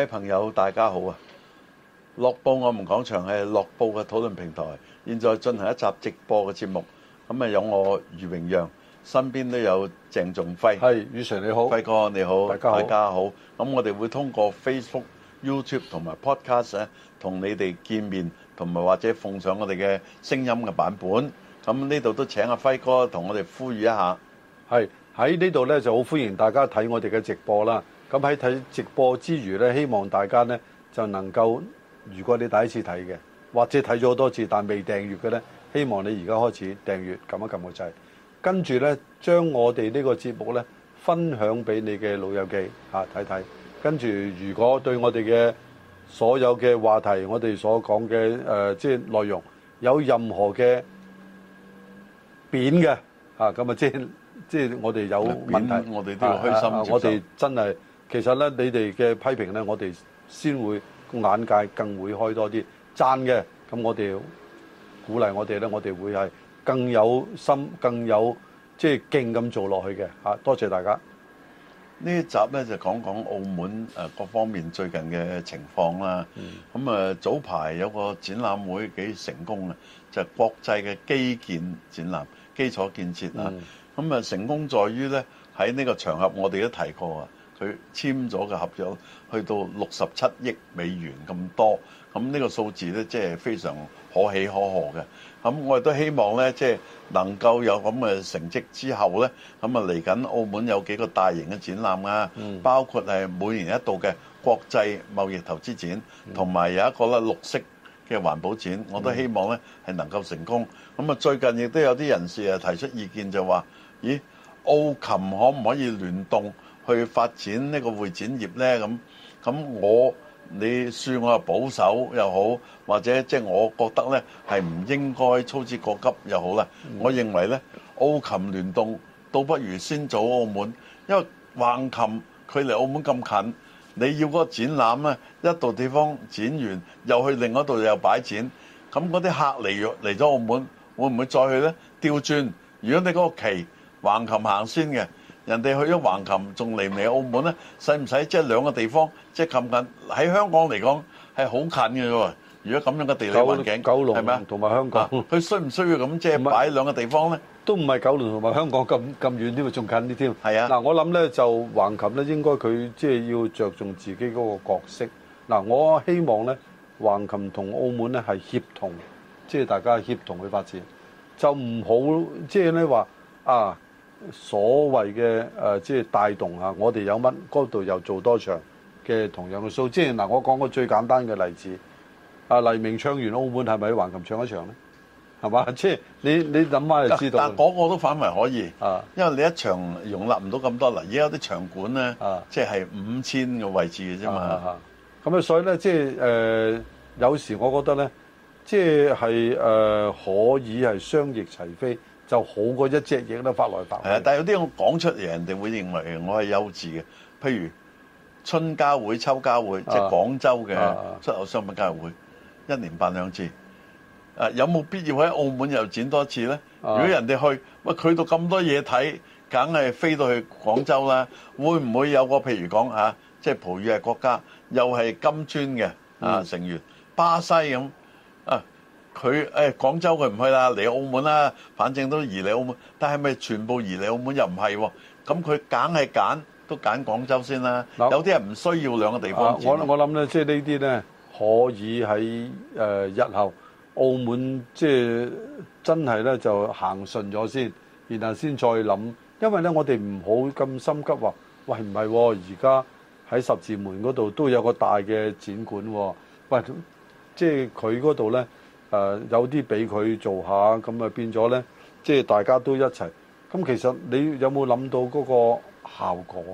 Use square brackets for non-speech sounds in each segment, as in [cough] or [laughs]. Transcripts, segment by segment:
各位朋友，大家好啊！樂報我們講場係樂報嘅討論平台，現在進行一集直播嘅節目。咁啊，有我余榮讓，身邊都有鄭仲輝。係，余 Sir 你好，輝哥你好，大家好。咁我哋會通過 Facebook、YouTube 同埋 Podcast 咧，同你哋見面，同埋或者奉上我哋嘅聲音嘅版本。咁呢度都請阿輝哥同我哋呼籲一下。係喺呢度咧就好歡迎大家睇我哋嘅直播啦。咁喺睇直播之餘咧，希望大家咧就能夠，如果你第一次睇嘅，或者睇咗好多次但未訂閱嘅咧，希望你而家開始訂閱，撳一撳個掣，跟住咧將我哋呢個節目咧分享俾你嘅老友記吓睇睇，跟住如果對我哋嘅所有嘅話題，我哋所講嘅誒即係內容有任何嘅扁嘅吓，咁啊，即係即係我哋有問題，我哋都要開心，我哋真係～其實咧，你哋嘅批評咧，我哋先會眼界更會開多啲。讚嘅咁，我哋鼓勵我哋咧，我哋會係更有心、更有即係勁咁做落去嘅嚇。多謝大家。呢一集咧就講講澳門誒各方面最近嘅情況啦。咁啊、嗯，早排有個展覽會幾成功啊，就係、是、國際嘅基建展覽、基礎建設啊。咁啊，成功在於咧喺呢個場合，我哋都提過啊。佢簽咗嘅合約去到六十七億美元咁多，咁呢個數字呢，即係非常可喜可賀嘅。咁我亦都希望呢，即係能夠有咁嘅成績之後呢，咁啊嚟緊澳門有幾個大型嘅展覽啊，包括係每年一度嘅國際貿易投資展，同埋有一個咧綠色嘅環保展，我都希望呢係能夠成功。咁啊，最近亦都有啲人士啊提出意見，就話：咦，澳琴可唔可以聯動？去發展呢個會展業呢？咁咁我你算我保守又好，或者即係我覺得呢係唔應該操之過急又好啦。嗯、我認為呢，澳琴聯動倒不如先做澳門，因為橫琴距離澳門咁近，你要個展覽呢一度地方展完又去另外一度又擺展，咁嗰啲客嚟嚟咗澳門，會唔會再去呢？調轉，如果你嗰個期橫琴行先嘅。人哋去咗橫琴，仲嚟唔嚟澳門咧？使唔使即係兩個地方即係近近喺香港嚟講係好近嘅喎。如果咁樣嘅地理環境，九龍係咪啊？同埋香港，佢需唔需要咁即係擺喺兩個地方咧？都唔係九龍同埋香港咁咁遠啲咪仲近啲添。係啊！嗱，我諗咧就橫琴咧，應該佢即係要着重自己嗰個角色。嗱，我希望咧橫琴同澳門咧係協同，即係大家協同去發展，就唔好即係咧話啊。所謂嘅誒、呃，即係帶動下，我哋有乜嗰度又做多場嘅同樣嘅數，即係嗱，我講個最簡單嘅例子，啊黎明唱完澳門，係咪去橫琴唱一場咧？係嘛，即係你你諗下就知道。但個個都反為可以啊，因為你一場容納唔到咁多啦，而家啲場館咧，即係五千個位置嘅啫嘛。咁啊，啊啊所以咧，即係誒、呃，有時我覺得咧，即係誒、呃、可以係雙翼齊飛。就好過一隻影都發來白。係啊，但係有啲我講出嚟，人哋會認為我係幼稚嘅。譬如春交會、秋交會，啊、即係廣州嘅出口商品交易會，一年辦兩次。啊，有冇必要喺澳門又展多次咧？啊、如果人哋去，哇，去到咁多嘢睇，梗係飛到去廣州啦。會唔會有個譬如講嚇、啊，即係葡語係國家，又係金磚嘅啊成員，啊、巴西咁？佢誒廣州佢唔去啦，嚟澳門啦，反正都移嚟澳門。但係咪全部移嚟澳門又唔係喎？咁佢梗係揀，都揀廣州先啦。有啲人唔需要兩個地方展。我我諗咧，即係呢啲咧，可以喺誒日後澳門即係真係咧就行順咗先，然後先再諗。因為咧，我哋唔好咁心急話，喂，唔係喎，而家喺十字門嗰度都有個大嘅展館喎。喂，即係佢嗰度咧。誒有啲俾佢做下，咁啊變咗呢，即係大家都一齊咁。其實你有冇諗到嗰個效果、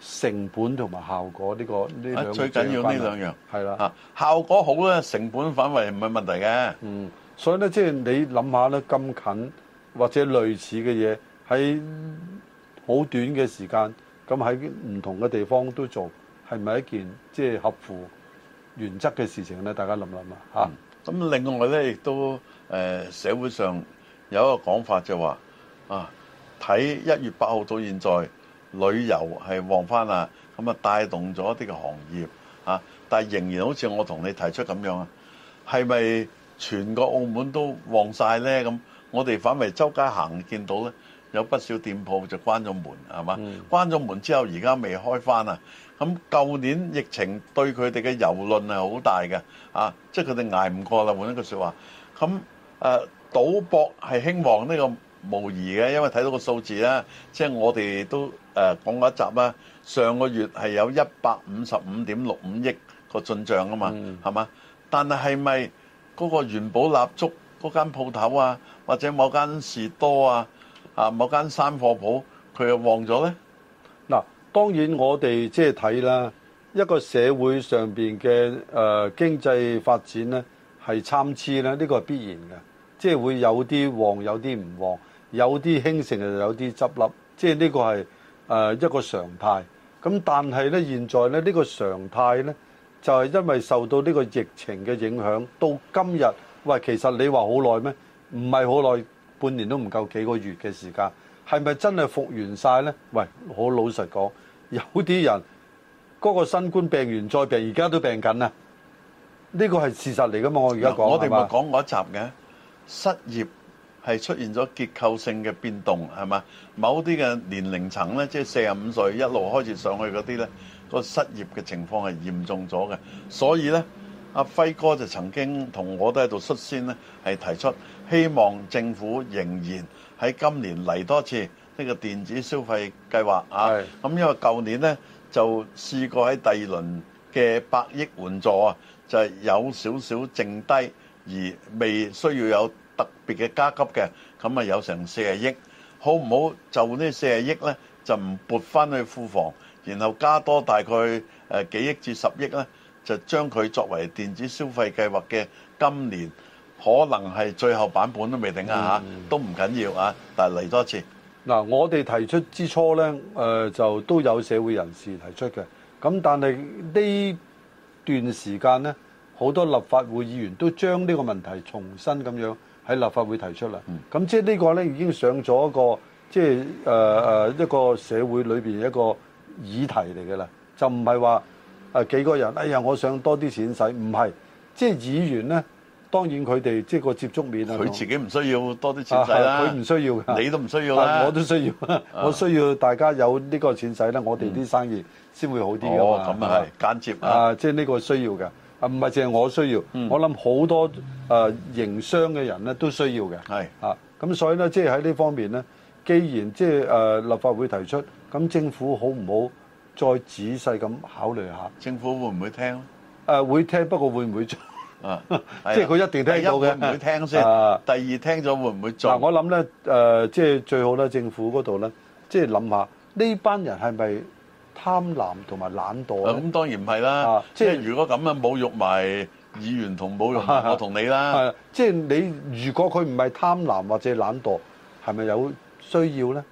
成本同埋效果呢、呢個呢兩,兩樣最緊要呢兩樣係啦，啊效果好呢，成本反為唔係問題嘅。嗯，所以呢，即係你諗下呢，咁近或者類似嘅嘢喺好短嘅時間，咁喺唔同嘅地方都做，係咪一件即係合乎原則嘅事情呢？大家諗諗啊，嗯咁另外咧，亦都誒、呃、社會上有一個講法就話啊，睇一月八號到現在旅遊係旺翻啦，咁啊帶動咗一啲嘅行業啊，但係仍然好似我同你提出咁樣啊，係咪全個澳門都旺晒呢？咁我哋反為周街行見到呢，有不少店鋪就關咗門，係嘛？關咗門之後，而家未開翻啊！咁舊年疫情對佢哋嘅遊論係好大嘅，啊，即係佢哋捱唔過啦，換一句説話。咁誒，賭博係興旺呢個無疑嘅，因為睇到個數字咧，即係我哋都誒講過一集啦。上個月係有一百五十五點六五億個進帳啊嘛，係嘛？但係係咪嗰個元寶蠟燭嗰間鋪頭啊，或者某間士多啊，啊某間山貨鋪，佢又旺咗咧？當然，我哋即係睇啦，一個社會上邊嘅誒經濟發展呢係參差咧，呢、呢個係必然嘅，即、就、係、係、會有啲旺，有啲唔旺，有啲興盛就些，又有啲執笠，即係呢個係誒一個常態。咁但係呢，現在咧呢、呢個常態呢，就係、係、因為受到呢個疫情嘅影響，到今日喂，其實你話好耐咩？唔係好耐，半年都唔夠幾個月嘅時間。係咪真係復原曬咧？喂，好老實講，有啲人嗰個新冠病原再病，而家都病緊啊！呢個係事實嚟噶嘛？我而家講，我哋咪講嗰一集嘅失業係出現咗結構性嘅變動，係嘛？某啲嘅年齡層咧，即係四十五歲一路開始上去嗰啲咧，個失業嘅情況係嚴重咗嘅。所以咧，阿輝哥就曾經同我都喺度率先咧係提出，希望政府仍然。喺今年嚟多次呢個電子消費計劃啊，咁是因為舊年呢就試過喺第二輪嘅百億援助啊，就係有少少剩低而未需要有特別嘅加急嘅，咁啊有成四十億，好唔好就呢四十億呢，就唔撥翻去庫房，然後加多大概誒幾億至十億呢，就將佢作為電子消費計劃嘅今年。可能係最後版本都未定啊！吓、都唔緊要啊，但嚟多次。嗱，我哋提出之初呢、呃，就都有社會人士提出嘅。咁但係呢段時間呢，好多立法會議員都將呢個問題重新咁樣喺立法會提出啦。咁、嗯、即係呢個呢，已經上咗一個即係、呃、一個社會裏面一個議題嚟嘅啦。就唔係話幾個人，哎呀，我想多啲錢使，唔係，即係議員呢。當然佢哋即係個接觸面啊，佢自己唔需要多啲錢使啦，佢唔、啊、需要嘅，你都唔需要啦、啊，我都需要，啊、我需要大家有呢個錢使咧，我哋啲生意先會好啲、嗯、哦，咁、就係、啊係間接啊，啊即係呢個需要嘅，唔係淨係我需要，嗯、我諗好多誒、呃、營商嘅人咧都需要嘅。係啊，咁所以咧，即係喺呢方面咧，既然即係誒、呃、立法會提出，咁政府好唔好再仔細咁考慮下？政府會唔會聽？誒、啊、會聽，不過會唔會啊！即係佢一定聽到嘅，唔會，會聽先。啊、第二聽咗會唔會做？嗱、啊，我諗咧，誒、呃，即、就、係、是、最好咧，政府嗰度咧，即係諗下呢班人係咪貪婪同埋懶惰咁、啊嗯、當然唔係啦，即係、啊就是、如果咁樣啊，侮辱埋議員同侮辱、啊、我同你啦。係、啊，即係、啊就是、你如果佢唔係貪婪或者懶惰，係咪有需要咧？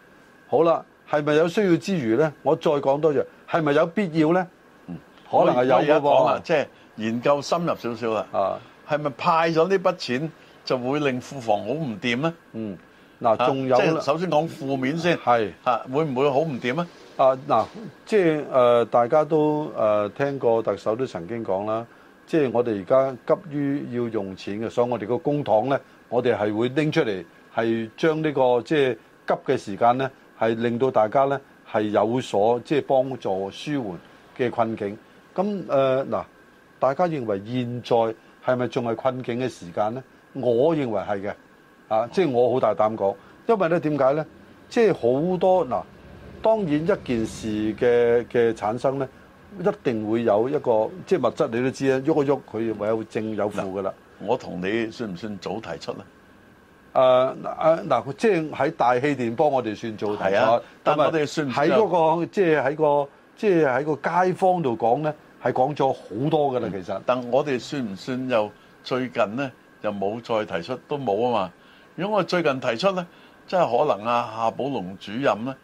好啦，係咪有需要之餘咧，我再講多樣，係咪有必要咧、嗯？可，可能係有、那個。我講即係。就是研究深入少少啦，啊，係咪派咗呢筆錢就會令庫房好唔掂咧？嗯，嗱，仲有，啊就是、首先講負面先，係吓是、啊，會唔會好唔掂咧？啊，嗱、就是，即係誒，大家都誒、呃、聽過特首都曾經講啦，即、就、係、是、我哋而家急於要用錢嘅，所以我哋個公帑咧，我哋係會拎出嚟，係將呢、這個即係、就是、急嘅時間咧，係令到大家咧係有所即係、就是、幫助舒緩嘅困境。咁誒嗱。呃啊大家認為現在係咪仲係困境嘅時間咧？我認為係嘅，哦、啊，即、就、係、是、我好大膽講，因為咧點解咧？即係好多嗱、啊，當然一件事嘅嘅產生咧，一定會有一個即係、就是、物質，你都知啦，喐一喐佢唯有正有負㗎啦。我同你算唔算早提出咧？誒誒嗱，即係喺大氣電波，我哋算早提出，是啊、但係我哋算喺嗰、那個即係喺個即係喺個街坊度講咧。係講咗好多嘅啦，其實、嗯，但我哋算唔算又最近咧，又冇再提出都冇啊嘛。如果我最近提出咧，真係可能啊，夏寶龍主任咧，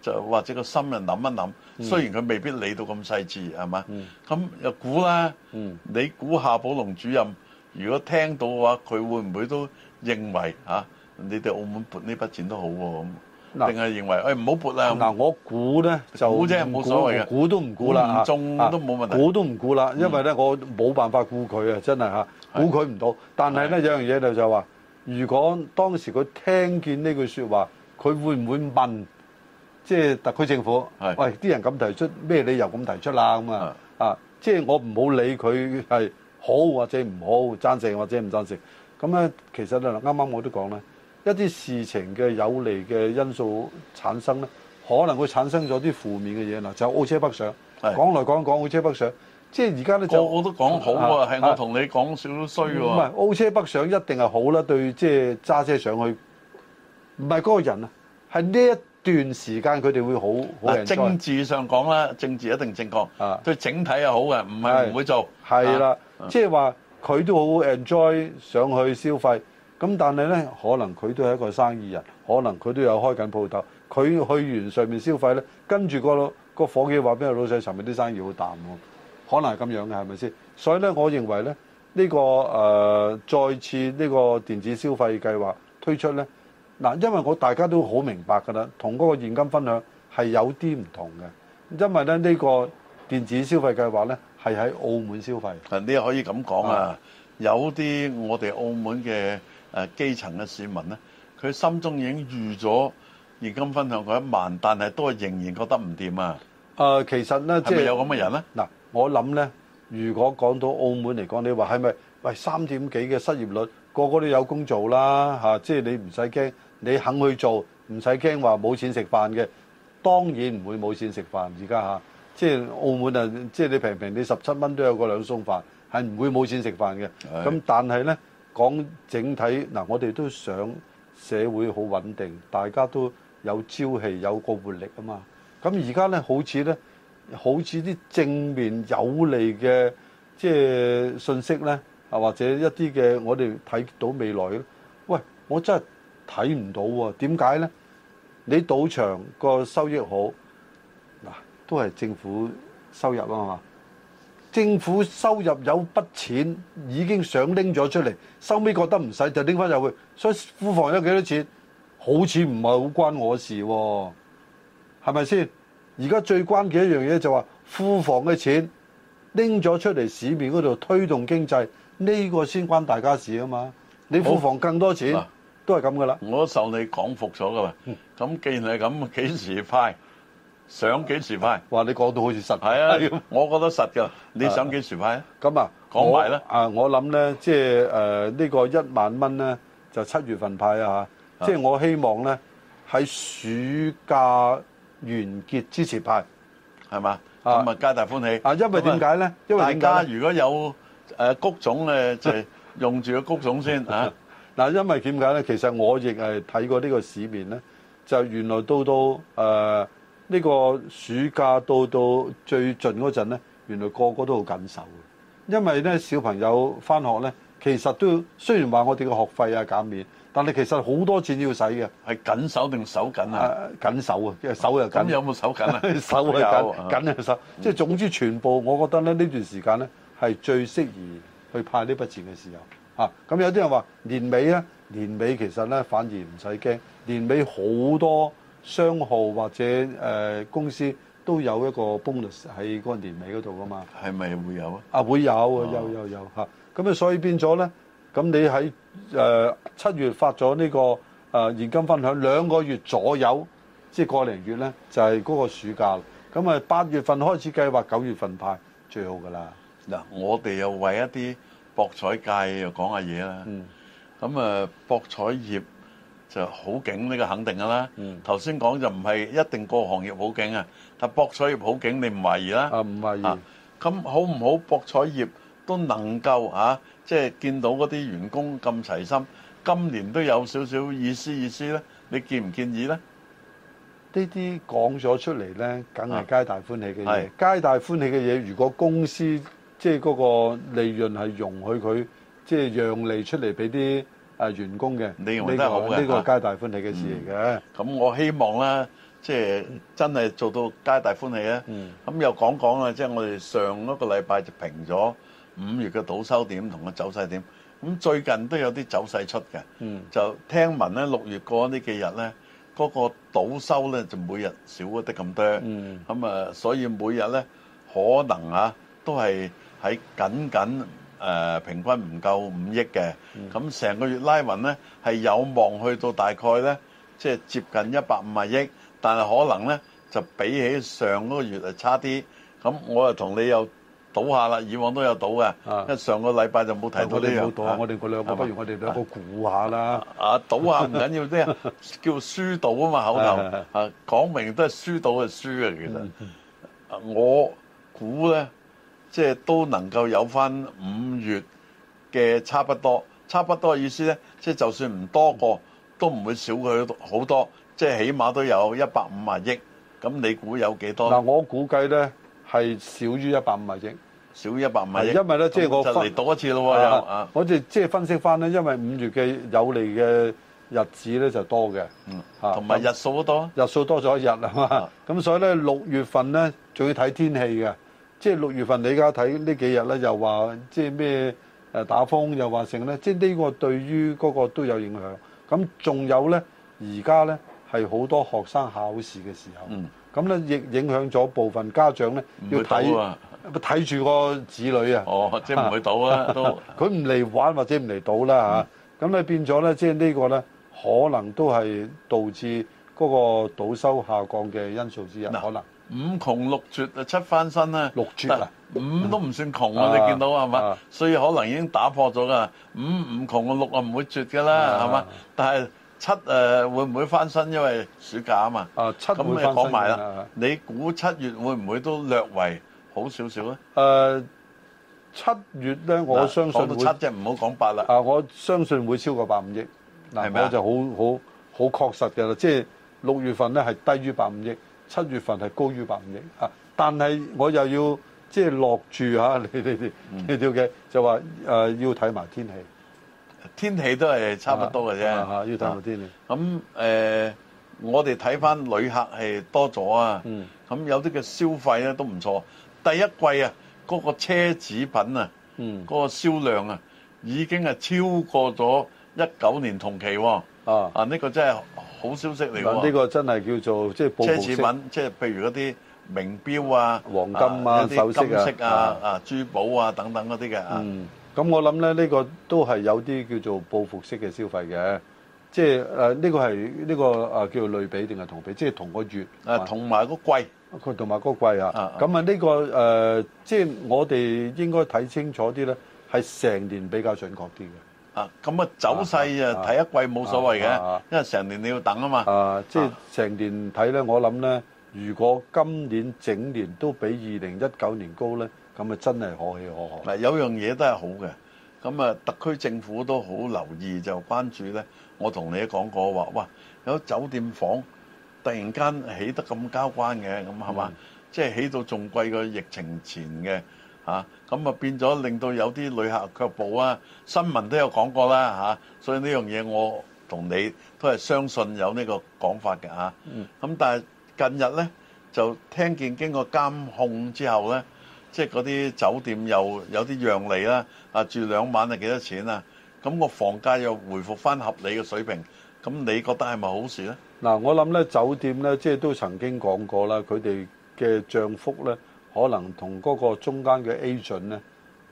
就或者個心人諗一諗，雖然佢未必理到咁細緻，係嘛？咁又估啦，嗯、你估夏寶龍主任如果聽到嘅話，佢會唔會都認為嚇、啊、你哋澳門撥呢筆錢都好喎、啊、咁？嗯定係認為唔好、哎、撥啦！嗱，我估咧就估即係冇所謂嘅，估都唔估啦，中都冇問題。估都唔估啦，因為咧、嗯、我冇辦法估佢啊，真係嚇估佢唔到。是的 但係咧是的 有樣嘢就就係話，如果當時佢聽見呢句說話，佢會唔會問？即係特區政府，是的 喂，啲人咁提出咩理由咁提出啦？咁啊是的 啊，即係我唔好理佢係好或者唔好贊成或者唔贊成。咁咧，其實呢，啱啱我都講咧。一啲事情嘅有利嘅因素產生咧，可能會產生咗啲負面嘅嘢嗱，就係、澳車北上，係講來講講澳車北上，即係而家咧就我都講好喎、啊，係、啊、我同你講少衰喎。唔係澳車北上一定係好啦、啊，對即係揸車上去，唔係嗰個人啊，係呢一段時間佢哋會好好 enjoy。政治上講啦，政治一定正確，啊、對整體係好嘅，唔係唔會做，係啦、啊，啊啊、即係話佢都好 enjoy 上去消費。咁但係呢，可能佢都係一個生意人，可能佢都有開緊鋪頭。佢去完上面消費呢，跟住、個、個個夥計話俾佢老細，上面啲生意好淡喎，可能係咁樣嘅，係咪先？所以呢，我認為呢呢、呢個誒、呃、再次呢個電子消費計劃推出呢，嗱，因為我大家都好明白㗎啦，同嗰個現金分享係有啲唔同嘅，因為呢、呢個電子消費計劃呢，係喺澳門消費。嗱，你可以咁講啊，啊有啲我哋澳門嘅。誒基層嘅市民咧，佢心中已經預咗現金分享嗰一萬，但係都仍然覺得唔掂啊！誒、呃，其實咧，係咪有咁嘅人咧？嗱、呃，我諗咧，如果講到澳門嚟講，你話係咪？喂，三點幾嘅失業率，個個都有工做啦，嚇！即係你唔使驚，你肯去做，唔使驚話冇錢食飯嘅，當然唔會冇錢食飯。而家嚇，即係澳門啊，即係你平平，你十七蚊都有個兩餸飯，係唔會冇錢食飯嘅。咁的但係咧。講整體嗱，我哋都想社會好穩定，大家都有朝氣，有個活力啊嘛。咁而家呢，好似呢，好似啲正面有利嘅即係信息呢，啊或者一啲嘅我哋睇到未來，喂，我真係睇唔到喎、啊。點解呢？你賭場個收益好，都係政府收入啊嘛。政府收入有筆錢已經想拎咗出嚟，收尾覺得唔使就拎翻入去，所以庫房有幾多錢，好似唔係好關我事喎、啊，係咪先？而家最關鍵一樣嘢就話、是、庫房嘅錢拎咗出嚟市面嗰度推動經濟，呢個先關大家事啊嘛，你庫房更多錢好都係咁噶啦。我都受你講服咗噶啦，咁、嗯、既然係咁，幾時派？想幾時派？話你講到好似實，係啊！我覺得實嘅。你想幾時派？咁啊，講埋啦。啊，我諗咧，即係誒呢個一萬蚊咧，就七月份派啊嚇！即係我希望咧，喺暑假完結之前派，係嘛？咁啊，皆大歡喜。啊，因為點解咧？因為大家如果有誒谷種咧，即係用住個谷種先嚇。嗱，因為點解咧？其實我亦係睇過呢個市面咧，就原來都都誒。呢個暑假到到最盡嗰陣咧，原來個個都好緊手，因為呢，小朋友翻學呢，其實都要，雖然話我哋嘅學費啊減免，但係其實好多錢要使嘅，係緊手定手緊啊？緊手啊，即係手又緊。有冇手緊啊？手係緊， [laughs] 緊係手。即係有、嗯、總之，全部我覺得咧，呢段時間呢係最適宜去派呢筆錢嘅時候嚇。咁、啊、有啲人話年尾呢，年尾其實咧反而唔使驚，年尾好多。商號或者誒公司都有一個 bonus 喺個年尾嗰度噶嘛？係咪會有啊？啊會有啊、哦！有有有嚇！咁啊，所以變咗咧，咁你喺誒七月發咗呢個誒現金分享兩個月左右，即係個零月咧，就係嗰個暑假。咁啊，八月份開始計劃，九月份派最好噶啦。嗱，我哋又為一啲博彩界又講下嘢啦。嗯。咁啊，博彩業。就好景呢個肯定噶啦。頭先講就唔係一定個行業好景啊，但博彩業好景，你唔懷疑啦？啊唔懷疑。咁好唔好博彩業都能夠啊，即係見到嗰啲員工咁齊心，今年都有少少意思意思咧？你建唔建議咧？呢啲講咗出嚟咧，梗係皆大歡喜嘅嘢。係皆大歡喜嘅嘢，如果公司即係嗰個利潤係容許佢即係讓利出嚟俾啲。啊！員工嘅，你認為都係好嘅，呢個係皆大歡喜嘅事嚟嘅。咁我希望咧，即係真係做到皆大歡喜咧。咁又講講啊，即係我哋上一個禮拜就平咗五月嘅倒收點同個走勢點。咁最近都有啲走勢出嘅，就聽聞咧六月過咗呢幾日咧，嗰個倒收咧就每日少得咁多。咁啊，所以每日咧可能啊都係喺緊緊。誒、呃、平均唔夠五億嘅，咁成、嗯、個月拉勻咧係有望去到大概咧，即係接近一百五十億，但係可能咧就比起上嗰個月係差啲。咁我又同你有賭下啦，以往都有賭嘅，啊、因為上個禮拜就冇提到你、這、冇、個、賭、啊、我哋嗰兩個吧不如我哋兩個估下啦、啊。啊，啊，啊賭下唔緊要啫， [laughs] 叫輸賭啊嘛，口頭 [laughs] 啊講明都係輸賭係輸嘅其實。嗯、我估咧。即係都能夠有翻五月嘅差不多，差不多嘅意思咧，即係就算唔多過，都唔會少佢好多。即係起碼都有一百五十億。咁你估有幾多？嗱、啊，我估計咧係少於一百五十億，少於一百五十億。因為咧，即係我就嚟多一次咯，又我哋即係分析翻咧，因為五月嘅有利嘅日子咧就多嘅，嗯，同埋、啊、日數都多、啊，日數多咗一日，係、啊、咁、啊、所以咧，六月份咧仲要睇天氣嘅。即係六月份，你而家睇呢幾日咧，又話即係咩打風，又話成咧，即係呢個對於嗰個都有影響。咁仲有咧，而家咧係好多學生考試嘅時候，咁咧亦影響咗部分家長咧，啊、要睇睇住個子女啊。哦，即係唔會賭呀、啊， [laughs] 都佢唔嚟玩或者唔嚟賭啦吓。咁咧變咗咧，即係呢個咧，可能都係導致。嗰個賭收下降嘅因素之一，可能五窮六絕啊，七翻身啦，六絕啊，五都唔算窮啊，你見到係嘛？所以可能已經打破咗噶，五唔窮啊，六啊唔會絕噶啦，係嘛？但係七誒會唔會翻身？因為暑假啊嘛，啊七會翻身啊，咁你講埋啦，你估七月會唔會都略為好少少咧？誒七月咧，我相信講到七只唔好講八啦。啊，我相信會超過百五億，係咪？我就好好好確實嘅啦，即係六月份咧係低於百五億，七月份係高於百五億嚇。但係我又要即係落住嚇你哋啲調嘅，就話、是、誒、呃、要睇埋天氣，天氣都係差不多嘅啫、啊啊。要睇埋天氣。咁誒、嗯呃，我哋睇翻旅客係多咗啊。嗯。咁有啲嘅消費咧都唔錯。第一季啊，嗰、嗰個車子品啊，嗯，嗰個銷量啊，已經係超過咗一九年同期喎、啊。啊！啊呢個真係好消息嚟㗎喎！呢個真係叫做即係報復式奢侈品，即係譬如嗰啲名錶啊、黃金啊、首飾啊、啊珠寶啊等等嗰啲嘅。嗯，咁我諗咧，呢個都係有啲叫做報復式嘅消費嘅，即係誒呢個係呢個啊叫做類比定係同比，即係同個月誒同埋個季，佢同埋個季啊。咁啊呢個誒，即係我哋應該睇清楚啲咧，係成年比較準確啲嘅。啊，咁啊走勢啊睇一季冇所謂嘅，因為成年你要等啊嘛。啊，即係成年睇咧，我諗咧，如果今年整年都比二零一九年高咧，咁啊真係可喜可賀。嗱，有樣嘢都係好嘅，咁啊特區政府都好留意就關注咧。我同你講過話，哇，有酒店房突然間起得咁交關嘅，咁係嘛？即係起到仲貴過疫情前嘅。嚇，咁啊變咗令到有啲旅客卻步啊！新聞都有講過啦、啊啊、所以呢樣嘢我同你都係相信有呢個講法嘅、啊、嗯、啊。咁但係近日呢，就聽見經過監控之後呢，即係嗰啲酒店又有啲讓利啦、啊，啊住兩晚係幾多錢啊？咁、啊、個房價又回復翻合理嘅水平，咁你覺得係咪好事呢？嗱、嗯，我諗呢酒店呢，即係都曾經講過啦，佢哋嘅漲幅呢。可能同嗰個中間嘅 agent 咧，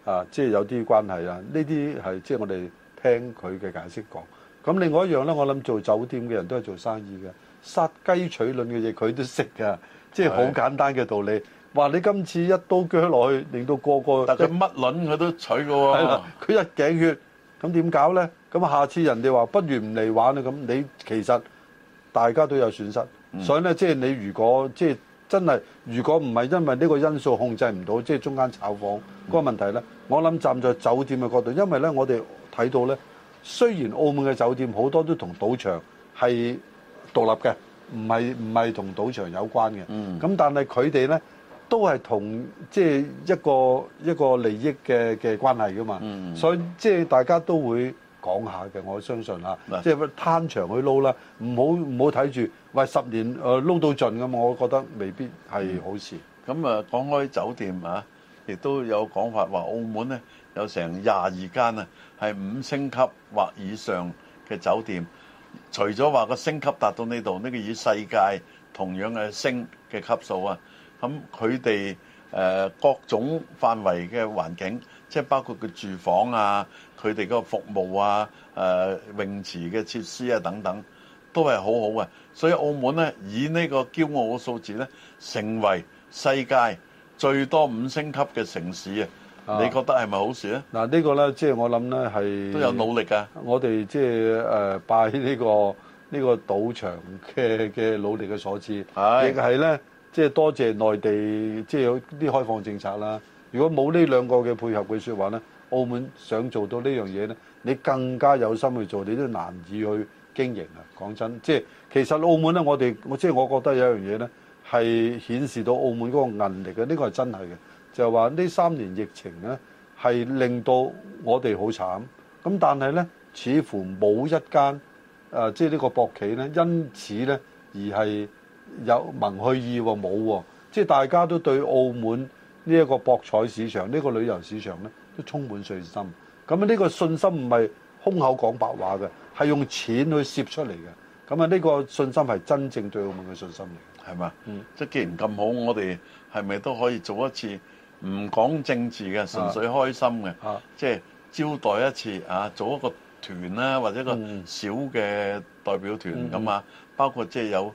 啊，即係有啲關係啊！呢啲係即係我哋聽佢嘅解釋講。咁另外一樣咧，我諗做酒店嘅人都係做生意嘅，殺雞取卵嘅嘢佢都識噶，即係好簡單嘅道理。話你今次一刀鋸落去，令到個個，但係乜卵佢都取過呀。佢一頸血，咁點搞咧？咁下次人哋話不如唔嚟玩啦。咁你其實大家都有損失，所以咧即係你如果即係。真係，如果唔係因為呢個因素控制唔到，即係中間炒房嗰個問題呢，嗯、我諗站在酒店嘅角度，因為呢我哋睇到呢，雖然澳門嘅酒店好多都同賭場係獨立嘅，唔係唔係同賭場有關嘅，咁、嗯、但係佢哋呢，都係同即係一個一個利益嘅嘅關係㗎嘛，嗯嗯，所以即係大家都會。講下嘅，我相信啊，即係攤長去撈啦，唔好唔好睇住，喂，十年、呃、撈到盡咁，我覺得未必係好事。咁啊、嗯嗯，講開酒店啊，亦都有講法話，澳門咧有成廿二間啊，係五星級或以上嘅酒店，除咗話個星級達到呢度，呢、呢個以世界同樣嘅星嘅級數啊，咁佢哋誒各種範圍嘅環境。即係包括佢住房啊，佢哋個服務啊，誒泳池嘅設施啊等等，都係好好嘅。所以澳門咧，以呢個驕傲嘅數字咧，成為世界最多五星級嘅城市啊！你覺得係咪好事咧？嗱呢個咧，即係我諗咧係都有努力㗎。我哋即係誒拜呢個呢個賭場嘅嘅努力嘅所致，亦係咧，即係多謝內地即係有啲開放政策啦。如果冇呢兩個嘅配合嘅說話呢，澳門想做到呢樣嘢呢，你更加有心去做，你都難以去經營啊！講真，即係其實澳門呢，我哋即係我覺得有一樣嘢呢，係顯示到澳門嗰個韌力嘅，呢個係真係嘅。就係話呢三年疫情呢，係令到我哋好慘。咁但係呢，似乎冇一間誒，即係呢個博企呢，因此呢，而係有萌去意喎，冇喎。即係大家都對澳門。呢一個博彩市場，呢、這個旅遊市場呢，都充滿信心。咁、這、呢個信心唔係空口講白話嘅，係用錢去攝出嚟嘅。咁啊，呢個信心係真正對我們嘅信心嚟，係嘛？即、嗯、係既然咁好，嗯、我哋係咪都可以做一次唔講政治嘅，純、啊、粹開心嘅，即係、啊、招待一次啊，做一個團啦、啊，或者一個小嘅代表團咁、嗯嗯、啊，包括即係有。